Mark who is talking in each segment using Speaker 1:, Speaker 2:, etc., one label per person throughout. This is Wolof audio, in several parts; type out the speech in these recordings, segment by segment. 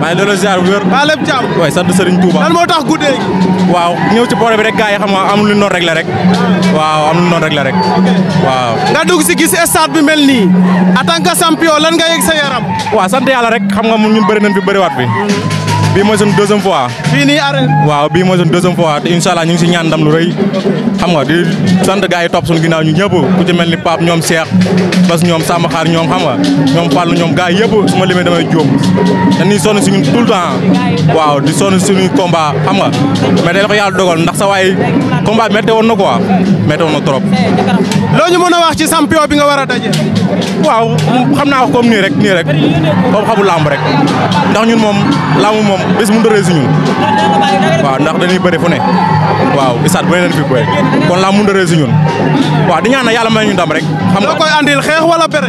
Speaker 1: maa ngi doon ziar bu wér. maa lépp jàmm. waay sant Serigne Touba. lan moo tax guddee waaw ñëw ci boore bi rek gars yi xam nga am lu noonu rek ah. le rek. waaw am lu noonu rek la rek. waaw. nga dugg si gis stade bi mel nii. a tant que champion lan nga yegg sa yaram. waaw sant yàlla rek xam nga ñun bëri nañ fi bëriwaat bi bii mooy suñu deuxième fois. fii nii arène. waaw si ñaan ndam lu rëy xam nga di sant gars yi topp suñu ginnaaw ñu ñëpp ku ci mel ni Pape ñoom Cheikh parce que ñoom Samba Xaar ñoom xam nga ñoom Fall ñoom gars yëpp su ma limee damay jóom dañuy sonn suñu tout le temps waaw di sonn suñuy combat xam nga mais ko yàlla dogal ndax sa waay combat bi métti woon na quoi métti woon na trop. loo ñu mën a wax ci champion bi nga war a daje. waaw xam naa ko comme nii rek nii rek comme xamu lamb rek bés mu dëree ñun waaw ndax dañuy bëri fu ne waaw isaat bu ne leen fi bëri kon laa mu dëree si ñun waaw di ñaan yàlla may ñu ndam rek. xam nga koy andil xeex wala pere.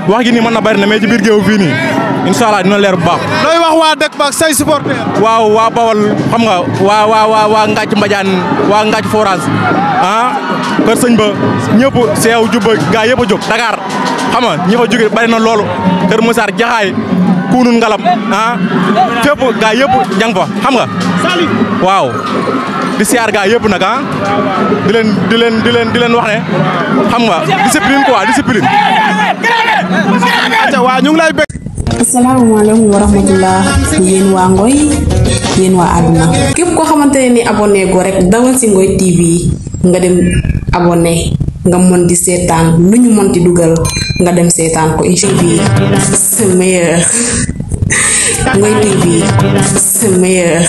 Speaker 1: wax gi nii man na bari na mais ci biir géew fii nii incha na leer bu baax. looy wax waa dëkk ba say supporter. waaw waa Bawol xam nga waa waa waa waa Ngathie Mbadiane waa Ngathie forage ah Kër Sëñ ñëpp seew jubba gaa yëpp a jóg Dakar xam nga ñi bari na loolu Kër Massar Jaxaay kunun galam, ah fepp ga yeb jang fa xam nga wow di siar ga yeb nak ha di len di len di len di len wax ne xam nga discipline quoi discipline
Speaker 2: ata wa ñu ngi lay assalamu alaykum wa rahmatullah yeen wa ngoy yeen wa aduna kep ko xamantene ni abonné go rek dawal ci ngoy tv nga dem abonné nga mon di setan nuñu mon di dugal nga dem setan ko inshallah c'est meilleur Ngoye TV c'est meilleur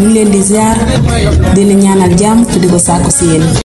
Speaker 2: ñu leen di ziar di leen ñaanal jàmm te di ko sàkku si yéen